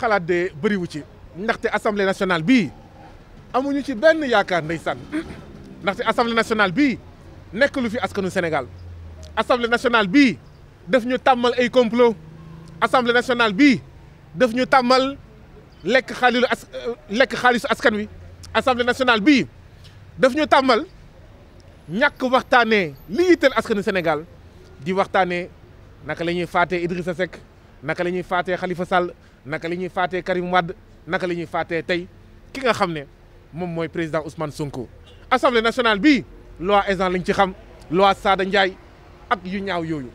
xalaat de bëriwu ci ndaxte assemblée nationale bii amuñu ci benn yaakaar ndeysaan ndaxte assemblée nationale bii nekk lu fi askanu Sénégal assemblée nationale bii daf ñu tàmmal ay complot assemblée nationale bii daf ñu tàmmal lekk euh, xaalisu askan wi assemblée nationale bii daf ñu tàmmal ñàkk waxtaane li yitteel askanu Sénégal di waxtaane naka la ñuy faatee Idrissa Seck naka la ñuy faatee Khalifa Sall naka la ñuy faatee Karim Wade naka la ñuy faatee tey ki nga xam ne moom mooy président Ousmane Sonko. assemblée nationale bii loi Ezzan lañ ci xam loi Sada Ndiaye ak yu ñaaw yooyu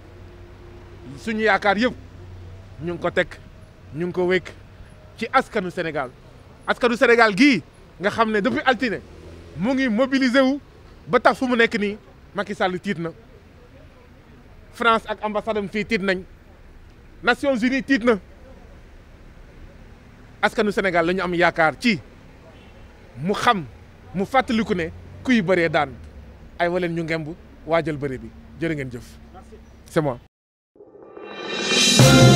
suñu yaakaar yëpp ñu ngi ko teg ñu ngi ko wékk ci askanu Sénégal askanu Sénégal gii nga xam ne depuis altine mu ngi mobilisé wu ba tax fu mu nekk nii Macky Sall tiit na France ak ambassade fii tiit nañ. Nations Unies tiit na askanu Sénégal la ñu am yaakaar ci mu xam mu fàttaliku ne kuy bëree daan ay waleen ñu waa waajal bëre bi jërë ngeen jëf c'est